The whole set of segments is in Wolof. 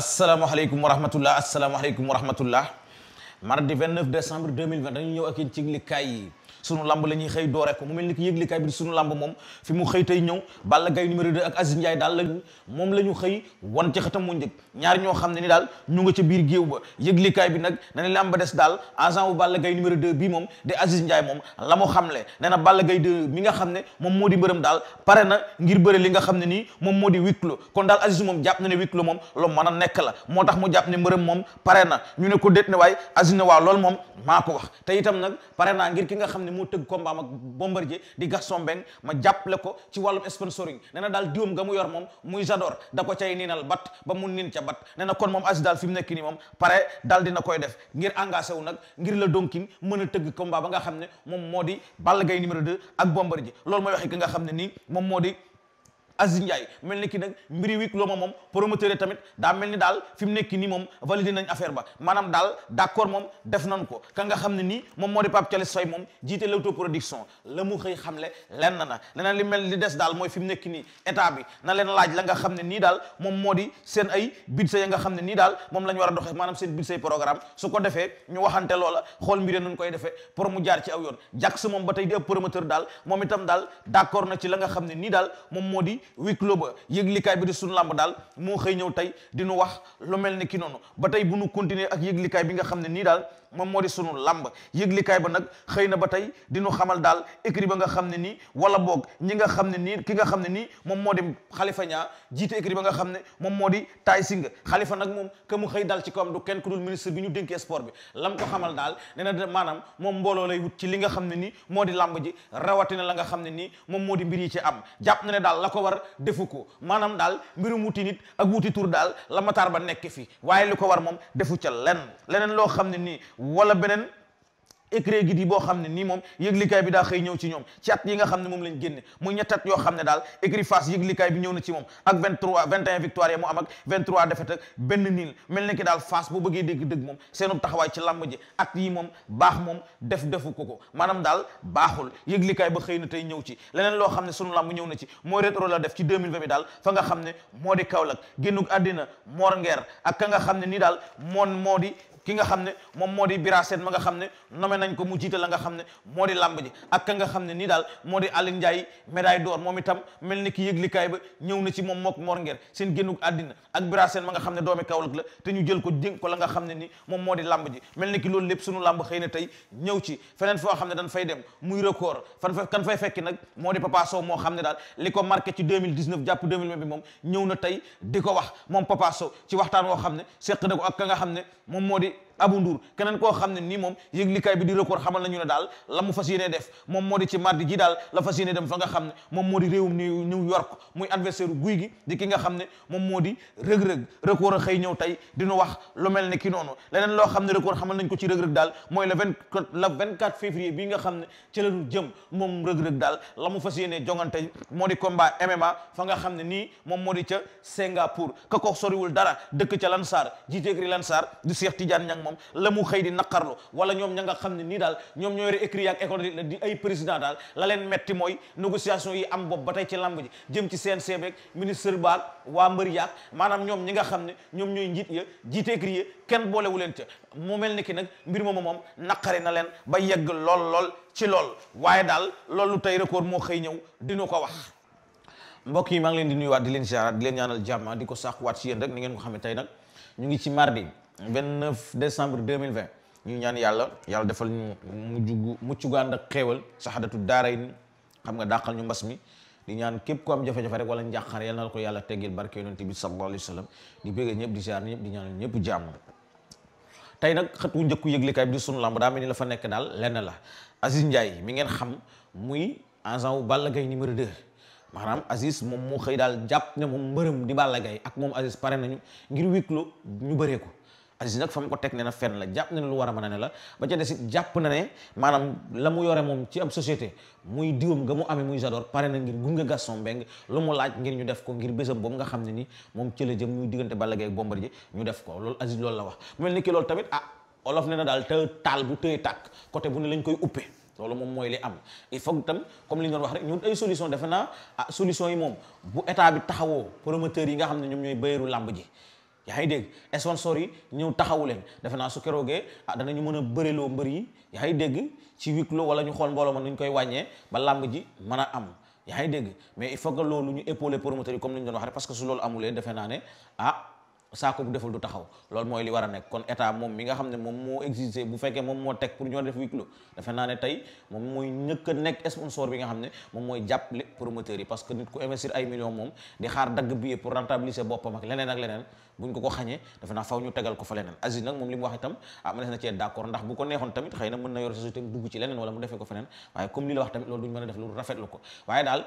asalaamaaleykum wa rahmatullah asalaamaaleykum wa rahmatullah mardi 29 décembre 2020 dañu ñëw ak yéen ci yëglikaay yi sunu lamb la ñuy xëy doore ko mu mel ni ki yëglikaay bi sunu lamb moom fi mu xëy tey ñëw Balla Gaye numéro 2 ak Aziz Ndiaye daal la moom la xëy wan ci xëtam mu njëkk ñaar ñoo xam ne ni daal ñu nga ca biir géew ba yëglikaay bi nag na ne lamb des daal agent bu Balla Gaye numéro 2 bii moom di Aziz moom la mu xamle nee na Balla Gaye 2 mi nga xam ne moom moo di mbërëm daal pare na ngir bëre li nga xam ne nii moom moo di huis clos kon daal Aziz moom jàpp na ne huis clos moom loolu mën a nekk la moo tax mu jàpp ne mbërëm moom pare na ñu ne ko déet ne waaye Aziz ne waaw moom maa ko wax moo tëgg combat ak Bombardier di Gaston Mbengue ma jàppale ko ci wàllum sponsoring nee na daal diwum nga mu yor moom muy Jador da ko cay niinal bat ba mu nin ca bat nee na kon moom Aziz daal fi mu nekk nii moom pare daal dina koy def ngir engagé wu nag ngir la donkin mën a tëgg combat ba nga xam ne moom moo di Balla Gaye numéro 2 ak Bombardier loolu mooy waxe ki nga xam ne nii moom moo di Aziz Ndiaye mel ni ki nag mbiri wi loo ma moom promoteur tamit daa mel ni daal fi mu nekk nii moom validé nañ affaire ba maanaam daal d'accord moom def nañ ko ka nga xam ne nii moom moo di Pape Thialis Faye moom jiite l'autoproduction la mu xëy xamle lenn na leneen li mel li des daal mooy fi mu nekk nii état bi na leen laaj la nga xam ne nii daal moom moo di seen ay budget ya xam ne nii daal moom la ñu war a doxee maanaam seen budget programme su defee ñu waxante loola xool mbiri nuñ koy defee pour mu jaar ci aw yoon jàk sa moom ba tey di ab promoteur daal moom itam daal na ci la nga xam ne nii daal moom moo di huis clos yëglikaay bi di sunu làmb daal moo xëy ñëw tey di wax lu mel ni ki noonu ba tey bu nu continuer ak yëglikaay bi nga xam ne nii daal moom moo di sunu lamb yëglikaay ba nag xëy na ba tey dinu xamal daal écrit ba nga xam ne nii wala boog ñi nga xam ne nii ki nga xam ne nii moom moo di xalifa ñaa jiite écrit ba nga xam ne moom moo di taay singa xalifa nag moom ke mu xëy dal ci kawam du kenn ku dul ministre bi ñu dénkee sport bi lam ko xamal daal maanaam moom mbooloo lay wut ci li nga xam ne nii moo di lamb ji rawatina la nga xam ne nii moom moo di mbir yi ci am jàpp na ne daal la ko war defu ko maanaam daal mbirum wuti nit ak wuti tur daal la mataar ba nekk fi waaye li ko war moom defu ca lenn leneen loo xam ne nii wala beneen écrit gi di boo xam ne nii moom yëglikaay bi daa xëy ñëw ci ñoom ci at yi nga xam ne moom lañ génne mu ñettat yoo xam ne daal écrit face yëglikaay bi ñëw na ci moom ak 23 21 victoire yi mu am ak 23 défaite ak benn mel ni ki daal face bu bëggee dégg dëgg moom seenu taxawaay ci làmb ji at yi moom moom def defu ko ko maanaam daal baaxul yëglikaay ba xëy na tey ñëw ci leneen loo xam ne sunu làmb ñëw na ci mooy rétro la def ci 2020 bi daal fa nga xam ne moo di Kaolack génnuk àddina Mor Ngeer ak ka nga xam ne nii daal moon moo di ki nga xam ne moom moo di Bira Sène ma nga xam ne nommé nañ ko mu jiite la nga xam ne moo di làmb ji ak ka nga xam ne nii daal moo di Alioune Ndiaye médaille d'or moom itam mel ki yëglikaay ba ñëw na ci ne la te ñu jël ko dénk ko la nga xam ne ni moom moo di làmb ji mel ki loolu lépp sunu làmb xëy na tey ñëw ci feneen foo xam ne moo di Papa Sow moo xam ne daal li ko marqué ci 2019 jàpp 2020 bi moom ñëw na tey di ko wax moom Papa Sow ci waxtaan woo xam ne seq na ko ak ka nga xam ne moom moo di Abu Ndour keneen koo xam ne nii moom yëglikaay bi di record xamal nañu ne daal la mu fas moom moo di ci mardi ji daal la fas yéene dem moo di réewum ki nga xam ne moom moo di rëg-rëg record a xëy ñëw tey dinu wax lu mel ne ki noonu leneen loo xam ne record xamal nañ ko ci rëg-rëg daal mooy le vingt le vingt quatre février bi la mu fas yéene jongante moo di combat MMA nga xam ne nii moom moo di ca Singapour ka ko soriwul dara dëkk ca Lansar jiiteegri Lansar du Cheikh Tidiane Niang moom moom la mu xëy di naqarlu wala ñoom ña nga xam ne nii daal ñoom ñoo yore écrit ak école di ay président daal la leen metti mooy négociation yi am bopp ba tey ci lamb ji jëm ci CNG beeg ministre baal waa mbër yaak maanaam ñoom ñi nga xam ne ñoom ñooy njiit ya jiite écrit ya kenn boolewu leen ca mu mel ni ki nag mbir ma moom naqari na leen ba yegg lool lool ci lool waaye daal loolu tey record moo xëy ñëw dina ko wax mbokk yi maa ngi leen di nuyuwaat di leen siyaaraat di leen ñaanal jàmm di ko sàkkuwaat ci yéen rek ni ngeen ko xamee tey nag 29 décembre 2020 ñu ñaan yàlla yàlla defal ñu mu mujj mucc gu ànd ak xéewal saxadatu daara xam nga dàqal ñu mbas mi di ñaan képp ku am jafe-jafe rek wala njàqar yal na ko yàlla teggil barke yonent bi sallallahu alayhi wa sallam di bëgg ñëpp di di ñaan ñëpp jàmm tey nag xët wu njëkku yëglikaay bi di sunu lamb daa mel ni la fa nekk daal lenn la Aziz Ndiaye mi ngeen xam muy agent wu Balla Gaye numéro 2 maanaam Aziz moom moo xëy daal jàpp ne moom mbërëm di Balla Gaye ak moom Aziz pare nañu ngir wiklo ñu bëree ko Aziz nag fa mu ko na la jàpp na ne lu a mën ne la ba ca desit jàpp ne maanaam la mu yore moom ci société muy diwam nga mu amee muy Jador pare na ngir gunge Gaston Mbengue lu mu laaj ngir ñu def ko ngir bésam boobu nga xam ne ni moom ci la jëm muy diggante Balla Gaye ak ñu def ko loolu Aziz loolu la wax mel ni ki loolu tamit a ah, olof ne na daal te taal bu tëye tàkk côté bu ne lañ koy uppee loolu moom mooy li am il faut tam comme li ñu doon wax rek ñun ay solution defe naa ah solution yi moom bu état bi taxawoo promoteurs yi nga xam ne ñoom ñooy bayeeru làmb ji yaa ngi dégg sponsor yi ñëw taxawu leen defe naa su keroogee ah ñu mën a bëre bëriloo mbër yi yaa ngi dégg ci huis clos wala ñu xool mbooloo ma nu ñu koy wàññee ba làmb ji mën a am yaa ngi dégg mais il faut que loolu ñu épauler promoteurs yi comme ni ñu doon wax rek parce su loolu amulee defe naa ne ah saako bu deful du taxaw loolu mooy li war a nekk kon état moom mi nga xam ne moom moo exigé bu fekkee moom moo teg pour ñoo def huis clos defe mooy ñëkk a nekk sponsor bi nga xam ne moom mooy jàppale defe naa faw ñu tegal ko fa leneen Aziz nag moom li mu wax itam ah mënees na cee d'accord ndax bu ko neexoon tamit xëy na mën na yor société dugg ci leneen wala mu defee ko feneen waaye comme li la wax tamit loolu duñ mën a def lu rafetlu ko waaye daal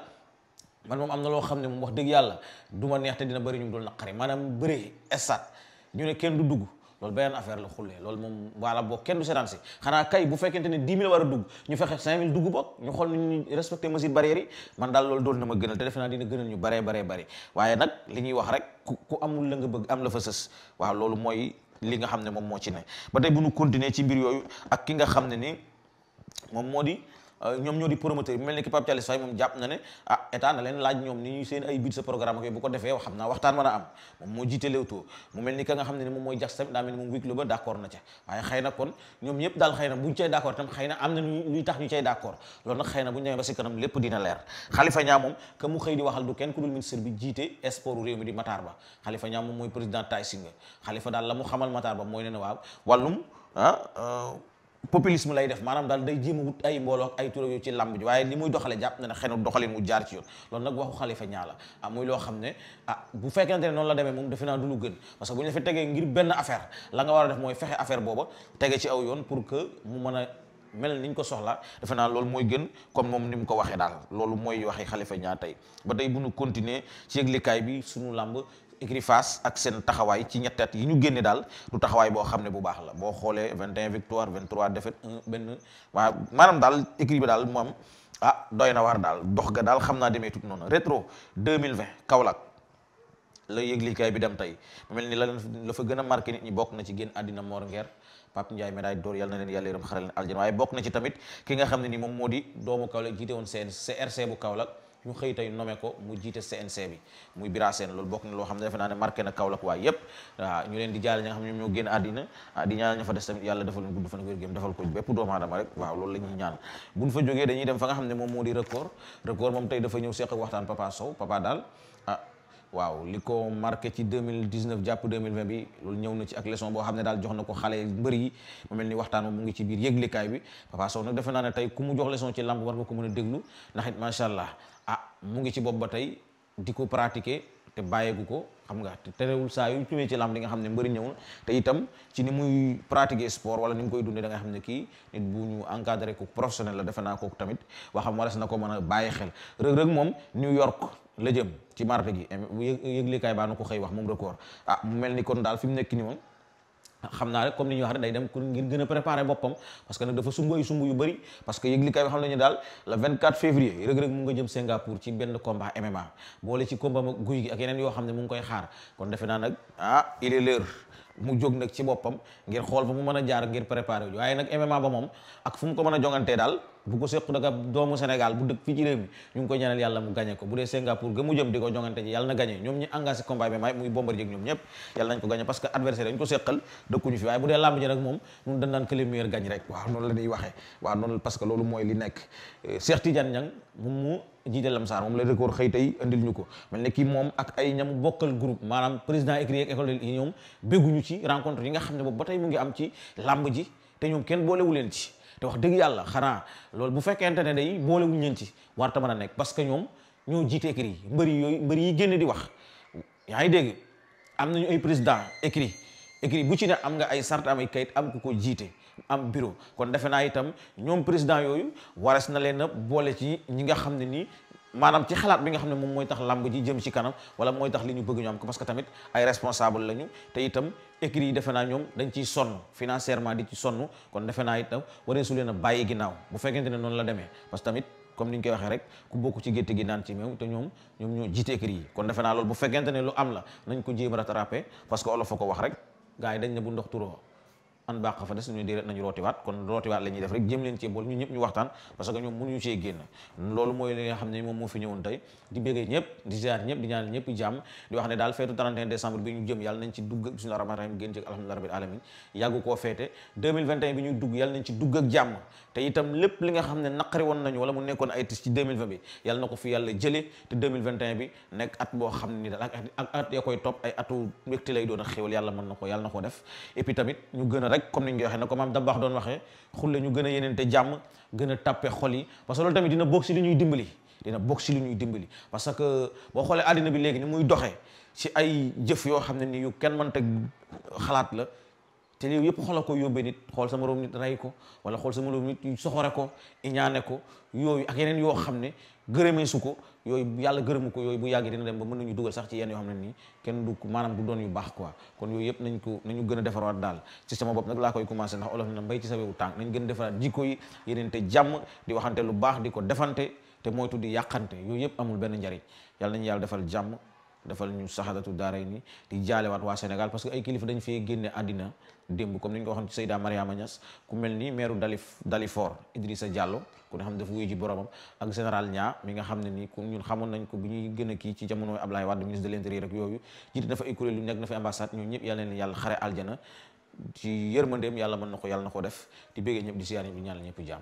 man moom am na loo xam ne moom wax dëgg yàlla du ma neex te dina bëri ñu doon naqari maanaam bëri estat ñu ne kenn du dugg loolu beneen affaire la xullee loolu moom voilà boo kenn du seetaan si xanaa kay bu fekkente ne 10 war a dugg fexe 5 000 dugg boog ñu xool ni ñu respecté mesures barrières daal loolu doon na ma gënal te defe naa dina gënal ñu baree baree bëri waaye nag li ñuy wax rek ku amul la nga bëgg am la fa sës waaw loolu mooy li nga xam ne moom moo ci ne ba tey bu nu continuer ci mbir yooyu ak ki nga xam ne ni moom moo di Euh, ñoom ñoo di promoteur bi mel ni ki Pape Thialis Faye moom jàpp na ne ah état na leen laaj ñoom ni ñuy seen ay bid sa programme ak bu ko defee xam naa waxtaan mën a am moom moo jiite Leewtoo mu mel ni ka nga xam ne ne moom mooy jax tamit daa mel ni moom wiklu ba d' accord na ca tax ñu cay d' accord nag xëy na buñ demee ba si kanam lépp dina leer Khalifa Niang moom mooy président Tay Singa daal la mu xamal Matar Ba mooy ne ne waaw ah, euh, populisme lay def maanaam daal day jéem a wut ay mbooloo ay tur yu ci làmb ji waaye ni muy doxale jàpp na ne xëy na doxalin mu jaar ci yoon loolu nag waxu Xalifa ñaa la ah muy loo xam ne ah bu fekkente ne noonu la demee moom defe naa du lu gën parce que bu ñu defee tegee ngir benn affaire la nga war a def mooy fexe affaire booba tege ci aw yoon pour que mu mën a mel ñu ko soxla defe naa loolu mooy gën comme moom ni mu ko waxee daal loolu mooy waxi Xalifa ñaa tey ba tey bu bi sunu làmb écurie Fass ak seen taxawaay ci ñetti yi ñu génne daal lu taxawaay boo xam ne bu baax la boo xoolee 21 victoire 23 défaite un benn waaw maanaam daal écurie bi daal moom ah doy na waar daal dox ga daal xam naa demee tut noonu rétro 2020 Kaolack la yëglikaay bi dem tey mel ni la la fa gën a marqué nit ñi bokk na ci génn àddina Mor Nguer Pape Ndiaye médaille d'or na leen yàlla yërëm xaral leen aljana waaye bokk na ci tamit ki nga xam ne ni moom moo di doomu Kaolack jiite woon CRC bu Kaolack ñu xëy tey nommé ko mu jiite CNC bi muy Bira Sène loolu bokk na loo xam ne defe naa ne marqué na Kaolack waaye yépp waaw ñu leen di jaale ñi nga xam ne ñoom ñoo génn àddina ah di yàlla defal leen gudd fan wér gém defal ko bépp doomu aadama rek waaw loolu la ñuy ñaan buñ fa jógee dañuy dem fa nga xam ne moom moo di record record moom tey dafa ñëw seq waxtaan Papa Sow Papa daal ah waaw li ko marqué ci 2019 jàpp 2020 bi loolu ñëw na ci ak leçon boo xam ne daal jox na ko xale mbër yi mu mel ni waxtaan mu ngi ci biir yëglekaay bi Papa Sow ne tey ku mu jox leçon ci lamb war nga ko mën a déglu ndax it macha ah, mu ngi ci bopp ba tey di ko pratiquer te bàyyeegu ko xam nga te terewul saa yu ñëwee ci lamb di nga xam ne mbëri ñëw te itam ci ni muy pratiquer sport wala ni mu koy dundee da xam ne kii bu ñu encadré ko professionnel la defe naa kooku tamit waxam waras na ko mën a bàyyi xel Reug Reug moom New York la jëm ci marché gi yëglikaay baa na ko xëy wax moom record ah mu mel ni kon daal fi mu nekk ni moom xam naa rek comme ni ñuy wax rek day dem ngir gën a préparer boppam parce que nag dafa sumb ay sumb yu bëri parce que yëglikaay bi xam nañu daal le 24 février rëg-rëg mu nga jëm Singapour ci benn combat MMA boole ci combat ma guy gi ak yeneen yoo xam ne mu ngi koy xaar kon defe naa nag ah il mu jóg nag ci boppam ngir xool fa mu mën a jaar ngir préparer waaye nag MMA ba moom ak fu mën a jongantee daal bu ko seq daga doomu Sénégal bu dëkk fii ci réew ñu ngi koy ñaanal yàlla mu gañe ko bu dee Singapour ga mu di ko jongante ji yàlla na gañe ñoom ñi engagé combat bi may muy Bombardier ñoom ñëpp yàlla nañ ko gañe parce que adversaire dañ ko seqal dëkkuñu fi la ñuy waxee waaw noonu parce que loolu mooy li nekk euh, Cheikh mu jiite Lamsaar moom la record xëy tey andil ñu ko mel ne kii moom ak ay ñamu bokkal groupe maanaam président écrit ak école yi ñoom bégguñu ci rencontre yi nga xam ne boobu ba tey mu ngi am leen ci te wax dëgg yàlla xanaa loolu bu fekkente ne day boolewuñ leen ci war ta mën a nekk parce que ñoom ñoo jiite écrit yi mbëri yooyu mbëri yi génn di wax yaa ngi dégg am nañu ay président écrit écrit bu ci ne am nga ay sart am ay kayit am ku ko jiite am bureau kon defe naa itam ñoom président yooyu waras na leen a boole ci ñi nga xam ne nii maanaam ci xalaat bi nga xam ne moom mooy tax làmb ji jëm ci kanam wala mooy tax li ñu bëgg ñu am ko parce que tamit ay responsable lañu te itam écrits yi defe naa ñoom dañ ciy sonn financièrement di ci sonn kon defe naa itam wareesu leen a bàyyi ginnaaw bu fekkente ne noonu la demee parce que tamit ni koy waxee rek ku bokk ci gétt gi naan ci meew te ñoom ñoom ñoo jiite yi kon bu fekkente ne lu am la nañ ko jéem a rattrapé que olof a ko wax rek gars yi dañ ne bu ndox an baax fa des ñu déedéet nañu rootiwaat kon rootiwaat la def rek jëm leen ci bool ñu ñëpp ñu waxtaan parce que ñoom mënuñu cee génn loolu mooy li xam ne moom moo fi ñëwoon tey di béggee ñëpp di ziar ñëpp nañ ci dugg ak jàmm te itam lépp li nga xam ne naqari woon nañu wala mu nekkoon ay tis ci 2020 bi yàlla na ko fi yàlla jële te 2021 bi nekk at boo xam ni daal ak at ya koy topp ay atu mbégte lay doon a xéwal yàlla mën na rek comme ni ñu koy waxee na ko maam da baax doon waxee xulle ñu gën a yenente jàmm gën a tàppe xol yi parce que loolu tamit dina bokk si li ñuy dimbali dina bokk si li ñuy dimbali parce que boo xoolee àddina bi léegi ni muy doxee si ay jëf yoo xam ne ni yu kenn mënta xalaat la te lii yëpp xoolal ko yóbbee nit xool sama room nit rey ko wala xool sama room nit soxore ko iñaane ko yooyu ak yeneen yoo xam ne gërëmee su ko yooyu yàlla gërëmu ko yooyu bu yàggee dina dem ba mën nañu dugal sax ci yenn yoo xam ne nii kenn du maanaam du doon yu baax yëpp nañ ko nañu gën a defaraat daal ci sama bopp nag laa koy commencé ndax olof na mbay ci sa wewu tànk nañ gën a defaraat jikko yi yeneen te jàmm di waxante lu baax di ko defante te moytu di yàqante yooyu yëpp amul benn njariñ yàlla nañu yàlla defal jàmm defal ñu saxadatu daara yi ni di jaalewaat waa Sénégal parce que ay kilifa dañ fee génne àddina démb comme ni ñu ko waxoon ci Seyda Mariama Niass ku mel ni maire Dalif Dalifort Idrissa Diallo ku ne xam ne dafa wuyu boromam ak général Nia mi nga xam ne nii ku ñun xamoon nañ ko bu ñuy gën kii ci jamono Ablaye Wade ministre de l'intérieur ak yooyu jiite na fa ay kuréel yu nekk na fa ambassade ñoom ñëpp yàlla leen yàlla xare aljana ci yërmandeem yàlla mën na ko yàlla na ko def di béggee ñëpp di siyaar